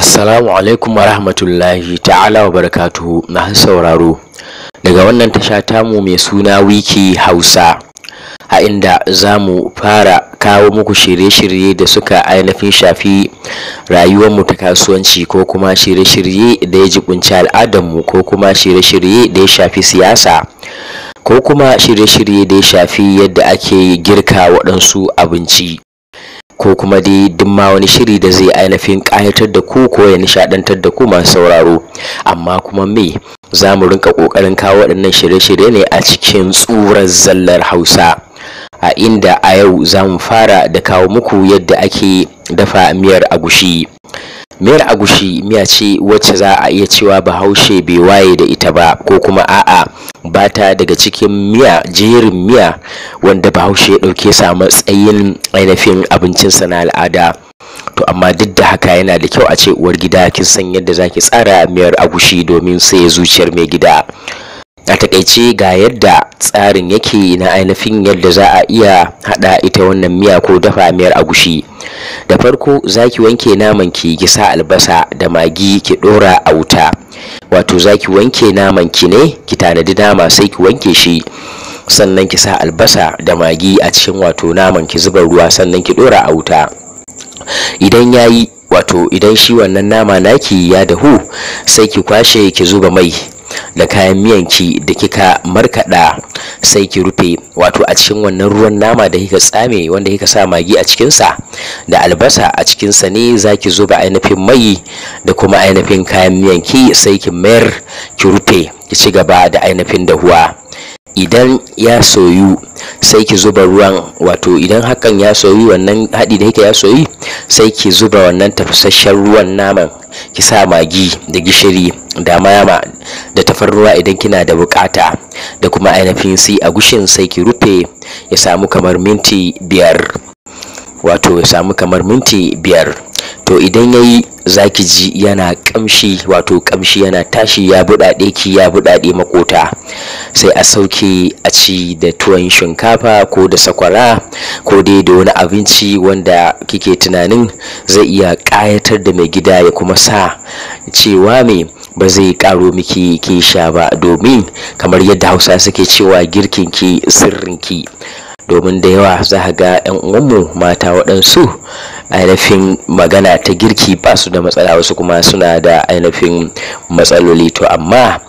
Assalamu alaikum wa rahmatullahi ta'ala wa barakatuhu masu sauraro daga wannan tasha tamu mai suna wiki hausa a inda za mu fara kawo muku shirye-shirye da suka ainihin shafi rayuwarmu ta kasuwanci ko kuma shirye-shirye da ya jibunci al'adarmu ko kuma shirye-shirye da ya shafi siyasa ko kuma shirye-shirye da ya shafi yadda ake girka waɗansu abinci ko kuma dai duk ma wani shiri da zai ainihin kayatar da ku ko ya nishaɗantar da ku masu sauraro amma kuma me za mu rinka ƙoƙarin kawo waɗannan shirye-shirye ne a cikin tsurar zallar hausa a inda a yau za mu fara da kawo muku yadda ake dafa miyar agushi Miyar agushi miya ce wacce za a iya cewa bahaushe bai waye da ita ba ko kuma a'a ba ta daga cikin miya jerin miya wanda bahaushe ya ɗauke sa matsayin ainihin abincinsa na al'ada. to amma duk da haka yana da kyau a ce uwar gida kin san yadda zaki tsara miyar agushi domin sai zuciyar mai gida a takaice ga yadda tsarin yake na ainihin yadda za a iya hada ita wannan miya ko dafa miyar agushi da farko zaki wanke naman ki ki sa albasa da magi ki dora a wuta wato zaki wanke naman ki ne ki tanadi nama sai ki wanke shi sannan ki sa albasa da magi a cikin wato naman ki zuba ruwa sannan ki dora a wuta idan yayi wato idan shi wannan nama naki ya dahu sai ki kwashe ki zuba mai da kayan miyanki da kika markada sai ki rufe wato a cikin wannan ruwan nama da kika tsame wanda kika sa magi a cikinsa da albasa a cikinsa ne za ki zuba ainihin mai da kuma ainihin kayan miyanki sai ki mayar ki rufe ki ci gaba da ainihin dahuwa idan ya soyu sai ki zuba ruwan wato idan hakan ya soyu wannan haɗi da yake ya soyu sai ki zuba wannan tafasasshen ruwan naman ki sa magi da gishiri da mayama da tafarnuwa idan kina da bukata da kuma ainihin sai a gushin sai ki rufe ya samu kamar minti biyar wato ya samu kamar minti biyar to idan ya yi za ji yana kamshi wato kamshi yana tashi ya buɗaɗe ki ya buɗaɗe makota sai a sauke a ci da tuwon shinkafa ko da sakwara ko dai da wani abinci wanda kike tunanin zai iya ƙayatar da mai gida ya kuma sa cewa mai ba zai karo miki sha ba domin kamar yadda hausa suke cewa girkinki sirrinki domin da yawa za a ga 'yan uwanmu mata waɗansu ainihin magana ta girki ba su da matsala wasu kuma suna da ainihin matsaloli to amma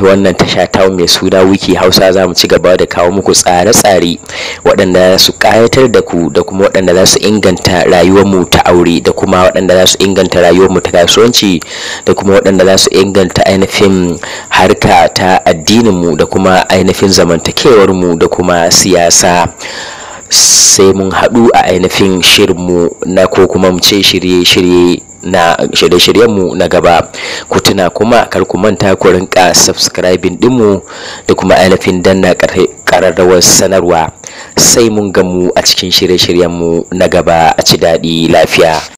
ta wannan tasha ta mai suna wiki hausa za mu ci gaba da kawo muku tsare-tsare waɗanda za su ƙayatar da ku da kuma waɗanda za su inganta rayuwarmu ta aure da kuma waɗanda za su inganta rayuwarmu ta kasuwanci da kuma waɗanda za su inganta ainihin harka ta addininmu da kuma ainihin zamantakewarmu da kuma siyasa sai mun haɗu a ainihin shirinmu na ko kuma mu ce shirye-shirye na shirye-shiryenmu na gaba ku tuna kuma kar ku manta ku rinka subscribing dinmu da kuma ainihin danna ƙararrawar sanarwa sai mun gamu a cikin shirye-shiryenmu na gaba a ci daɗi lafiya